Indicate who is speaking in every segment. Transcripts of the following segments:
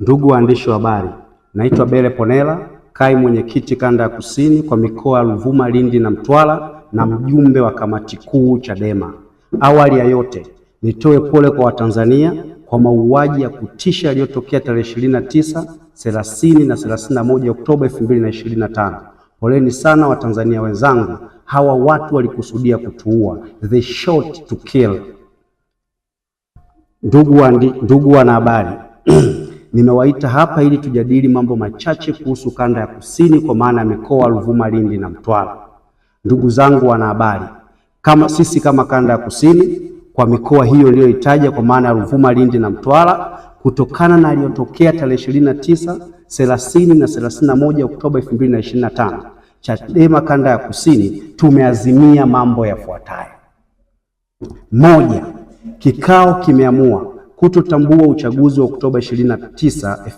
Speaker 1: Ndugu waandishi wa habari, naitwa Bele Ponela, kai mwenyekiti kanda ya kusini kwa mikoa ya Ruvuma, Lindi na Mtwara na mjumbe wa kamati kuu Chadema. Awali ya yote, nitoe pole kwa Watanzania kwa mauaji ya kutisha yaliyotokea tarehe 29, 30 na 31 Oktoba 2025. Poleni sana Watanzania wenzangu, hawa watu walikusudia kutuua. They shot to kill. Ndugu wanahabari Nimewaita hapa ili tujadili mambo machache kuhusu kanda ya kusini kwa maana ya mikoa Ruvuma, Lindi na Mtwara. Ndugu zangu wanahabari, kama sisi kama kanda ya kusini kwa mikoa hiyo iliyoitaja kwa maana ya Ruvuma, Lindi na Mtwara, kutokana na aliyotokea tarehe 29, 30 na 31 Oktoba 2025, Chadema kanda ya kusini tumeazimia mambo yafuatayo: moja, kikao kimeamua kutotambua uchaguzi wa Oktoba 29,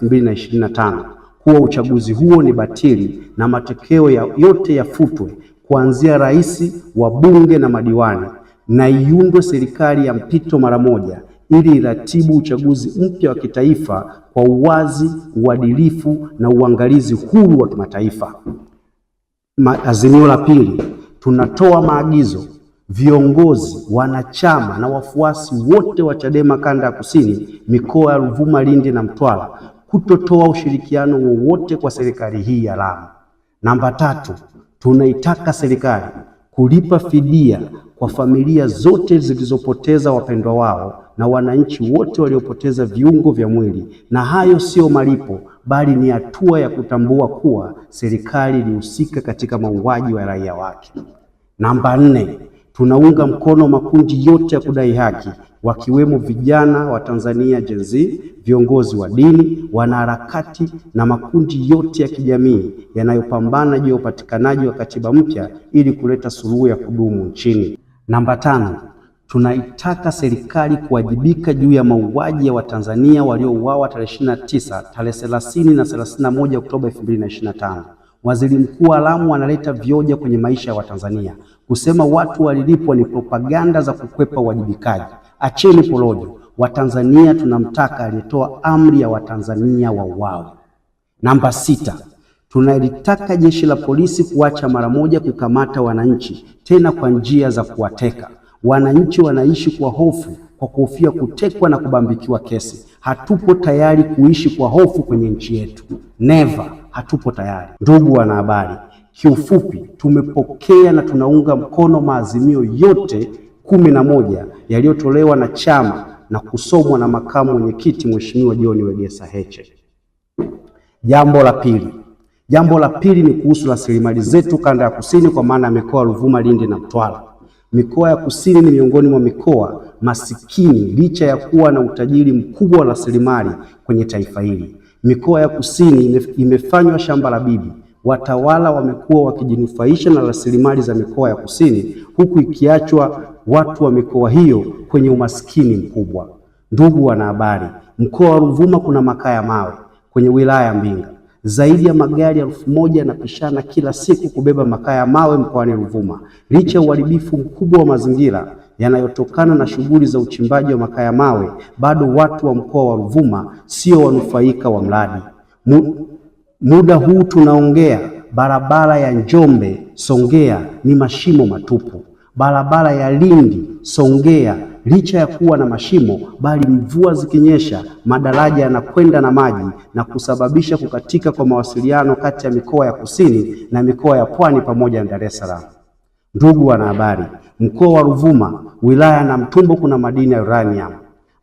Speaker 1: 2025 kuwa uchaguzi huo ni batili na matokeo ya yote yafutwe kuanzia rais, wabunge na madiwani, na iundwe serikali ya mpito mara moja ili iratibu uchaguzi mpya wa kitaifa kwa uwazi, uadilifu na uangalizi huru wa kimataifa. Azimio la pili, tunatoa maagizo viongozi, wanachama na wafuasi wote wa Chadema kanda ya kusini, mikoa ya Ruvuma, Lindi na Mtwara kutotoa ushirikiano wowote kwa serikali hii ya Lamu. Namba tatu, tunaitaka serikali kulipa fidia kwa familia zote zilizopoteza wapendwa wao na wananchi wote waliopoteza viungo vya mwili, na hayo sio malipo, bali ni hatua ya kutambua kuwa serikali ilihusika katika mauaji ya raia wake. Namba nne, Tunaunga mkono makundi yote ya kudai haki wakiwemo vijana wa Tanzania Gen Z, viongozi wa dini, wanaharakati na makundi yote ya kijamii yanayopambana juu ya upatikanaji wa katiba mpya ili kuleta suluhu ya kudumu nchini. Namba tano, tunaitaka serikali kuwajibika juu ya mauaji ya Watanzania waliouawa tarehe 29, tarehe 30 na 31 Oktoba 2025. Waziri Mkuu wa Lamu analeta vioja kwenye maisha ya Watanzania. Kusema watu walilipwa ni propaganda za kukwepa uwajibikaji. Acheni porojo. Watanzania tunamtaka aliyetoa amri ya Watanzania wauawe. Namba sita, tunalitaka jeshi la polisi kuacha mara moja kukamata wananchi, tena kwa njia za kuwateka. Wananchi wanaishi kwa hofu, kwa kuhofia kutekwa na kubambikiwa kesi hatupo tayari kuishi kwa hofu kwenye nchi yetu. Never, hatupo tayari. Ndugu wanahabari, kiufupi, tumepokea na tunaunga mkono maazimio yote kumi na moja yaliyotolewa na chama na kusomwa na makamu mwenyekiti Mheshimiwa John Wegesa Heche. Jambo la pili, jambo la pili ni kuhusu rasilimali zetu kanda ya kusini, kwa maana ya mikoa Ruvuma, Lindi na Mtwara. Mikoa ya kusini ni miongoni mwa mikoa masikini licha ya kuwa na utajiri mkubwa wa rasilimali kwenye taifa hili. Mikoa ya kusini imefanywa shamba la bibi. Watawala wamekuwa wakijinufaisha na rasilimali za mikoa ya kusini, huku ikiachwa watu wa mikoa hiyo kwenye umasikini mkubwa. Ndugu wanahabari, mkoa wa Ruvuma kuna makaa ya mawe kwenye wilaya ya Mbinga. Zaidi ya magari elfu moja yanapishana kila siku kubeba makaa ya mawe mkoani Ruvuma. Licha ya uharibifu mkubwa wa mazingira yanayotokana na shughuli za uchimbaji wa makaa ya mawe, bado watu wa mkoa wa Ruvuma sio wanufaika wa mradi. Muda huu tunaongea, barabara ya Njombe Songea ni mashimo matupu. Barabara ya Lindi Songea licha ya kuwa na mashimo, bali mvua zikinyesha madaraja yanakwenda na maji na kusababisha kukatika kwa mawasiliano kati ya mikoa ya kusini na mikoa ya pwani pamoja na Dar es Salaam. Ndugu wanahabari, mkoa wa Ruvuma, wilaya ya Namtumbo, kuna madini ya uranium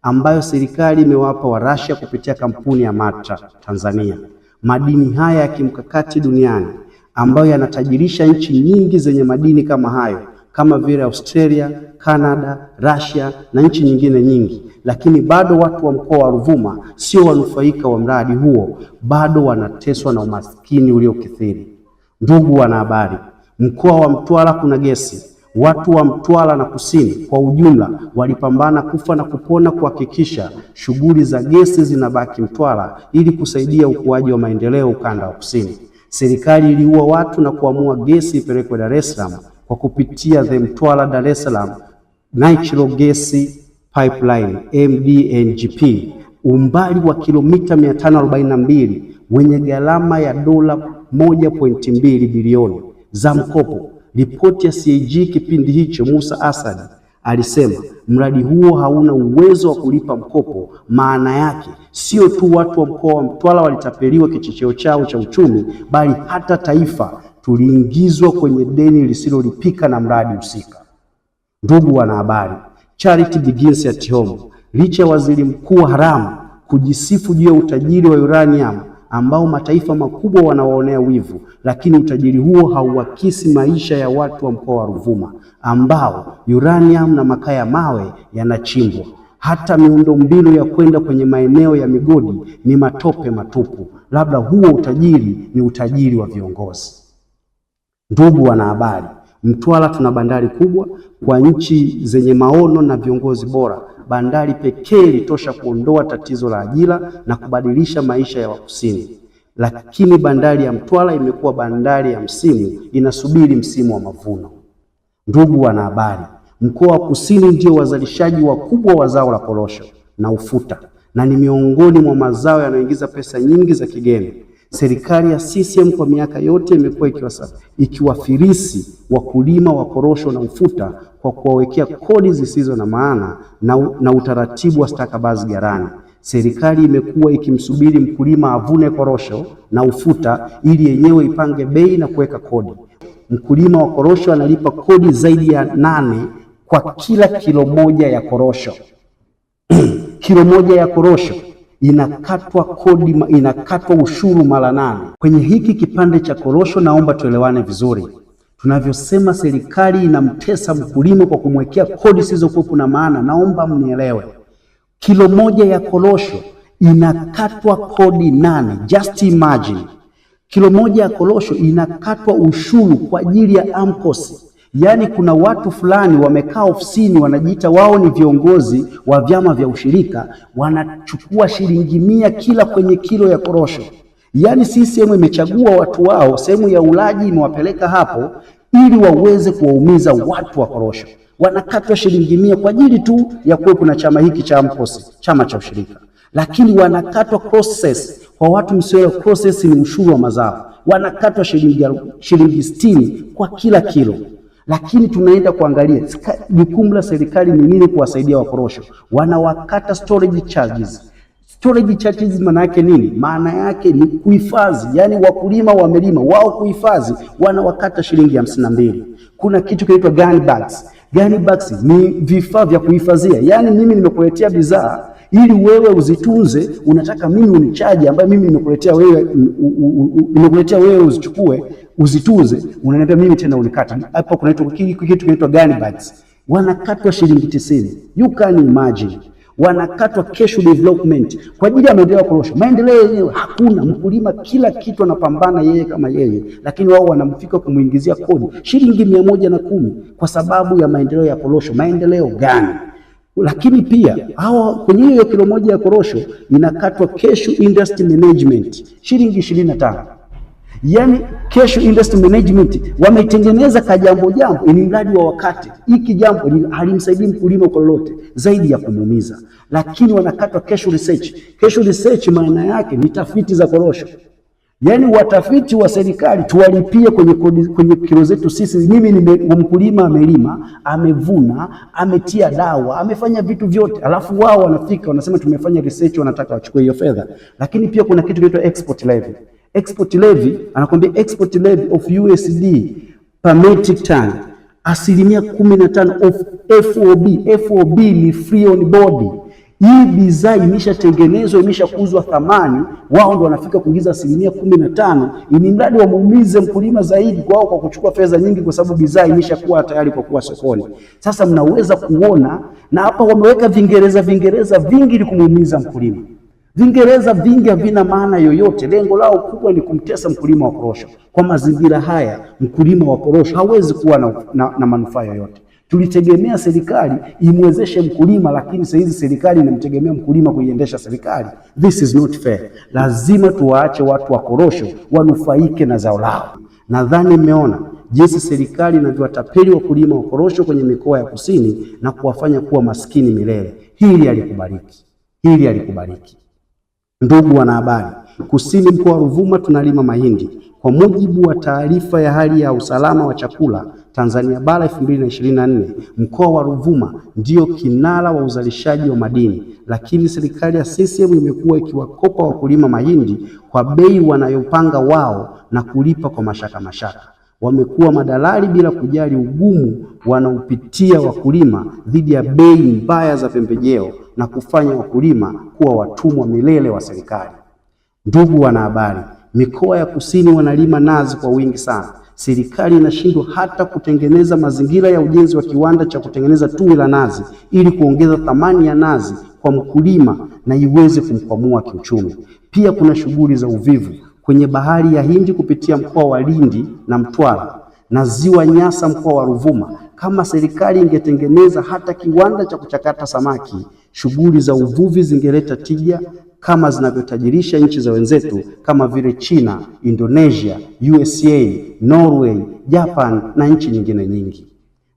Speaker 1: ambayo serikali imewapa Warusia kupitia kampuni ya Matra Tanzania. Madini haya ya kimkakati duniani ambayo yanatajirisha nchi nyingi zenye madini kama hayo kama vile Australia, Canada, Russia na nchi nyingine nyingi, lakini bado watu wa mkoa wa Ruvuma sio wanufaika wa mradi huo, bado wanateswa na umaskini uliokithiri. Ndugu wanahabari, mkoa wa Mtwara kuna gesi. Watu wa Mtwara na Kusini kwa ujumla walipambana kufa na kupona kuhakikisha shughuli za gesi zinabaki Mtwara ili kusaidia ukuaji wa maendeleo ukanda wa Kusini. Serikali iliua watu na kuamua gesi ipelekwe Dar es Salaam kwa kupitia the Mtwara Dar es Salaam Natural Gas Pipeline MDNGP umbali wa kilomita 542 wenye gharama ya dola 1.2 bilioni za mkopo. Ripoti ya CAG kipindi hicho, Musa Asad alisema mradi huo hauna uwezo wa kulipa mkopo. Maana yake sio tu watu wa mkoa wa Mtwara walitapeliwa kichocheo chao cha uchumi, bali hata taifa tuliingizwa kwenye deni lisilolipika na mradi husika. Ndugu wanahabari, charity begins at home. Licha ya waziri mkuu haramu kujisifu juu ya utajiri wa uranium ambao mataifa makubwa wanawaonea wivu, lakini utajiri huo hauakisi maisha ya watu wa mkoa wa Ruvuma ambao uranium na makaa ya mawe yanachimbwa. Hata miundombinu ya kwenda kwenye maeneo ya migodi ni matope matupu. Labda huo utajiri ni utajiri wa viongozi. Ndugu wanahabari Mtwara tuna bandari kubwa kwa nchi zenye maono na viongozi bora. Bandari pekee ilitosha kuondoa tatizo la ajira na kubadilisha maisha ya Wakusini, lakini bandari ya Mtwara imekuwa bandari ya msimu, inasubiri msimu wa mavuno. Ndugu wanahabari, mkoa wa Kusini ndio wazalishaji wakubwa wa zao la korosho na ufuta na ni miongoni mwa mazao yanayoingiza pesa nyingi za kigeni. Serikali ya CCM kwa miaka yote imekuwa ikiwafilisi wakulima wa korosho na ufuta kwa kuwawekea kodi zisizo na maana na, na utaratibu wa stakabadhi ghalani. Serikali imekuwa ikimsubiri mkulima avune korosho na ufuta ili yenyewe ipange bei na kuweka kodi. Mkulima wa korosho analipa kodi zaidi ya nane kwa kila kilo moja ya korosho kilo moja ya korosho inakatwa kodi, inakatwa ushuru mara nane. Kwenye hiki kipande cha korosho, naomba tuelewane vizuri. Tunavyosema serikali inamtesa mkulima kwa kumwekea kodi zisizokuwepo na maana, naomba mnielewe. Kilo moja ya korosho inakatwa kodi nane. Just imagine, kilo moja ya korosho inakatwa ushuru kwa ajili ya AMCOS Yaani kuna watu fulani wamekaa ofisini wanajiita wao ni viongozi wa vyama vya ushirika, wanachukua shilingi mia kila kwenye kilo ya korosho. Yaani CCM imechagua watu wao, sehemu ya ulaji imewapeleka hapo ili waweze kuwaumiza watu wa korosho. Wanakatwa shilingi mia kwa ajili tu ya kuwepo na chama hiki cha mkosi, chama cha ushirika, lakini wanakatwa process. Kwa watu msioelewa, process ni ushuru wa mazao. Wanakatwa shilingi shilingi kwa kila kilo lakini tunaenda kuangalia jukumu la serikali ni nini kuwasaidia wakorosho. Wanawakata storage charges. Storage charges maana yake nini? Maana yake ni kuhifadhi, yaani wakulima wamelima wao kuhifadhi, wanawakata shilingi hamsini na mbili. Kuna kitu kinaitwa gun bags. Gun bags ni vifaa vya kuhifadhia, yaani mimi nimekuletea bidhaa ili wewe uzitunze, unataka mimi unichaji, ambayo mimi nimekuletea wewe, nimekuletea wewe uzichukue uzitunze, unaniambia mimi tena unikata. Hapo kuna kitu kinaitwa gani bags, wanakatwa shilingi tisini. You can imagine wanakatwa cash development kwa ajili ya maendeleo ya korosho. Maendeleo yenyewe hakuna, mkulima kila kitu anapambana yeye kama yeye, lakini wao wanamfika kumwingizia kodi shilingi mia moja na kumi kwa sababu ya maendeleo ya korosho. Maendeleo gani? Lakini pia hawa kwenye hiyo kilo moja ya korosho inakatwa cash industry management shilingi ishirini na tano. Yaani cash investment management wametengeneza ka jambo jambo, ni mradi wa wakati. Hiki jambo halimsaidii mkulima kwa lolote zaidi ya kumuumiza, lakini wanakatwa cash research. Cash research maana yake ni tafiti za korosho. Yaani watafiti wa serikali tuwalipie kwenye, kwenye kilo zetu sisi. Mimi ni mkulima, amelima, amevuna, ametia dawa, amefanya vitu vyote, alafu wao wanafika wanasema tumefanya research, wanataka wachukue hiyo fedha. Lakini pia kuna kitu kinaitwa export levy export levy, anakwambia export levy of USD per metric ton asilimia 15 of FOB. FOB ni free on board. Hii bidhaa imeshatengenezwa imeshakuzwa thamani, wao ndo wanafika kuingiza asilimia kumi na tano ili mradi wamuumize mkulima zaidi kwao kwa kuchukua fedha nyingi, kwa sababu bidhaa imeshakuwa tayari kwa kuwa sokoni. Sasa mnaweza kuona, na hapa wameweka vingereza vingereza vingi ili kumuumiza mkulima. Vingereza vingi havina maana yoyote. Lengo lao kubwa ni kumtesa mkulima wa korosho. Kwa mazingira haya, mkulima wa korosho hawezi kuwa na, na, na manufaa yoyote. Tulitegemea serikali imwezeshe mkulima, lakini sasa hizi serikali inamtegemea mkulima kuiendesha serikali. This is not fair. Lazima tuwaache watu wa korosho wanufaike na zao lao. Nadhani mmeona jinsi serikali inavyowatapeli wakulima wa korosho kwenye mikoa ya kusini na kuwafanya kuwa maskini milele. Hili alikubariki, hili alikubariki. Ndugu wanahabari, kusini mkoa wa Ruvuma tunalima mahindi. Kwa mujibu wa taarifa ya hali ya usalama wa chakula Tanzania bara 2024, mkoa wa Ruvuma ndio kinara wa uzalishaji wa madini, lakini serikali ya CCM imekuwa ikiwakopa wakulima mahindi kwa bei wanayopanga wao na kulipa kwa mashaka mashaka wamekuwa madalali bila kujali ugumu wanaopitia wakulima dhidi ya bei mbaya za pembejeo na kufanya wakulima kuwa watumwa milele wa serikali. Ndugu wanahabari, mikoa ya kusini wanalima nazi kwa wingi sana. Serikali inashindwa hata kutengeneza mazingira ya ujenzi wa kiwanda cha kutengeneza tui la nazi ili kuongeza thamani ya nazi kwa mkulima na iweze kumkwamua kiuchumi. Pia kuna shughuli za uvivu kwenye bahari ya Hindi kupitia mkoa wa Lindi na Mtwara na ziwa Nyasa mkoa wa Ruvuma. Kama serikali ingetengeneza hata kiwanda cha kuchakata samaki, shughuli za uvuvi zingeleta tija kama zinavyotajirisha nchi za wenzetu kama vile China, Indonesia, USA, Norway, Japan na nchi nyingine nyingi.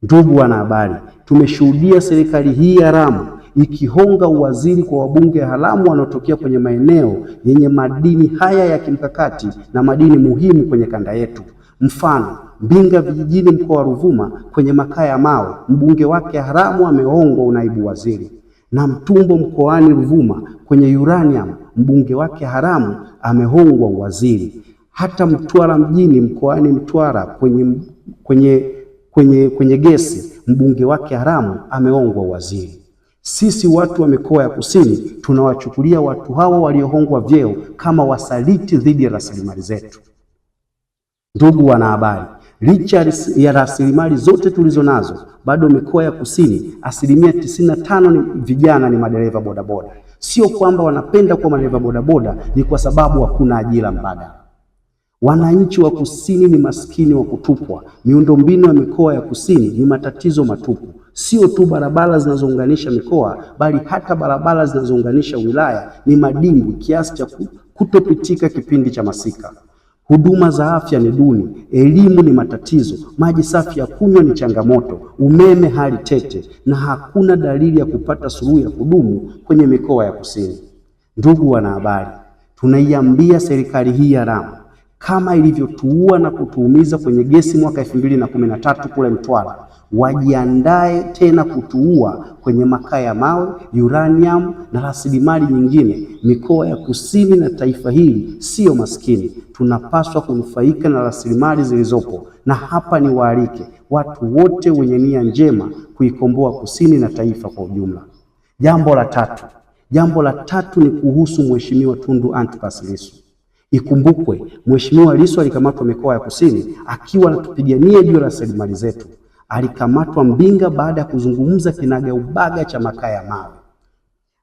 Speaker 1: Ndugu wanahabari, tumeshuhudia serikali hii haramu ikihonga uwaziri kwa wabunge haramu wanaotokea kwenye maeneo yenye madini haya ya kimkakati na madini muhimu kwenye kanda yetu. Mfano, Mbinga vijijini, mkoa wa Ruvuma, kwenye makaa ya mawe, mbunge wake haramu amehongwa unaibu waziri. Na Mtumbo mkoani Ruvuma, kwenye uranium, mbunge wake haramu amehongwa uwaziri. Hata Mtwara mjini, mkoani Mtwara, kwenye, kwenye, kwenye, kwenye gesi, mbunge wake haramu amehongwa uwaziri. Sisi watu wa mikoa ya kusini tunawachukulia watu hawa waliohongwa vyeo kama wasaliti dhidi ya rasilimali zetu. Ndugu wanahabari, licha ya rasilimali zote tulizo nazo, bado mikoa ya kusini asilimia tisini na tano ni vijana ni madereva bodaboda. Sio kwamba wanapenda kuwa madereva bodaboda, ni kwa sababu hakuna ajira mbadala. Wananchi wa kusini ni maskini wa kutupwa. Miundombinu ya mikoa ya kusini ni matatizo matupu sio tu barabara zinazounganisha mikoa, bali hata barabara zinazounganisha wilaya ni madimbwi kiasi cha kutopitika kipindi cha masika. Huduma za afya ni duni, elimu ni matatizo, maji safi ya kunywa ni changamoto, umeme hali tete, na hakuna dalili ya kupata suluhu ya kudumu kwenye mikoa ya kusini. Ndugu wanahabari, tunaiambia serikali hii haramu kama ilivyotuua na kutuumiza kwenye gesi mwaka 2013 kule Mtwara, wajiandae tena kutuua kwenye makaa ya mawe, uranium na rasilimali nyingine. Mikoa ya kusini na taifa hili siyo maskini, tunapaswa kunufaika na rasilimali zilizopo, na hapa ni waalike watu wote wenye nia njema kuikomboa kusini na taifa kwa ujumla. Jambo la tatu, jambo la tatu ni kuhusu Mheshimiwa Tundu Antipas Lissu. Ikumbukwe Mheshimiwa Lissu alikamatwa mikoa ya Kusini akiwa anatupigania juu ya rasilimali zetu. Alikamatwa Mbinga baada ya kuzungumza kinaga ubaga cha makaa ya mawe.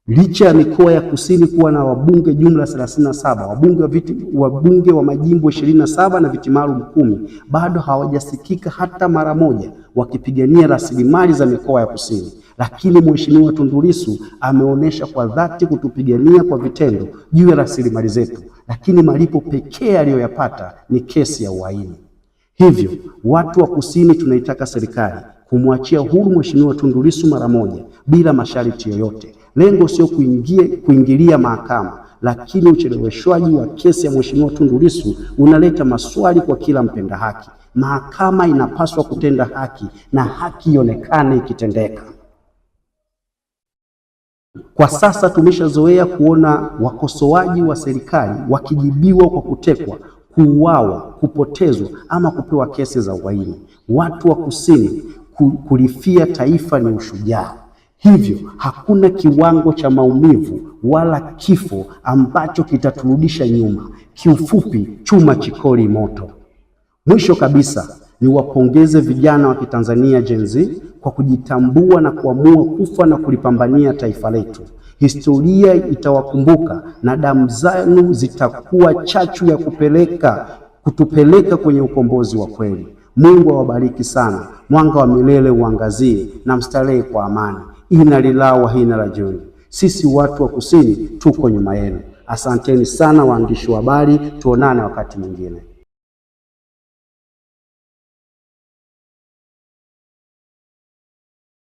Speaker 1: Licha ya mikoa ya Kusini kuwa na wabunge jumla 37, wabunge wa viti, wabunge wa majimbo 27 na viti maalum kumi, bado hawajasikika hata mara moja wakipigania rasilimali za mikoa ya Kusini. Lakini Mheshimiwa Tundu Lissu ameonyesha kwa dhati kutupigania kwa vitendo juu ya rasilimali zetu lakini malipo pekee aliyoyapata ni kesi ya uhaini. Hivyo watu wa Kusini tunaitaka serikali kumwachia huru Mheshimiwa Tundu Lissu mara moja bila masharti yoyote. Lengo sio kuingia kuingilia mahakama, lakini ucheleweshwaji wa kesi ya Mheshimiwa Tundu Lissu unaleta maswali kwa kila mpenda haki. Mahakama inapaswa kutenda haki na haki ionekane ikitendeka. Kwa sasa tumeshazoea kuona wakosoaji wa serikali wakijibiwa kwa kutekwa, kuuawa, kupotezwa ama kupewa kesi za uhaini. Watu wa kusini kulifia taifa ni ushujaa. Hivyo hakuna kiwango cha maumivu wala kifo ambacho kitaturudisha nyuma. Kiufupi, chuma chikori moto. Mwisho kabisa niwapongeze vijana wa Kitanzania Gen Z kwa kujitambua na kuamua kufa na kulipambania taifa letu. Historia itawakumbuka na damu zenu zitakuwa chachu ya kupeleka kutupeleka kwenye ukombozi wa kweli. Mungu awabariki sana, mwanga wa milele uangazie na mstarehe kwa amani. ina lilao wa hina la rajiun. Sisi watu wa Kusini tuko nyuma yenu. Asanteni sana waandishi wa habari, tuonane wakati mwingine.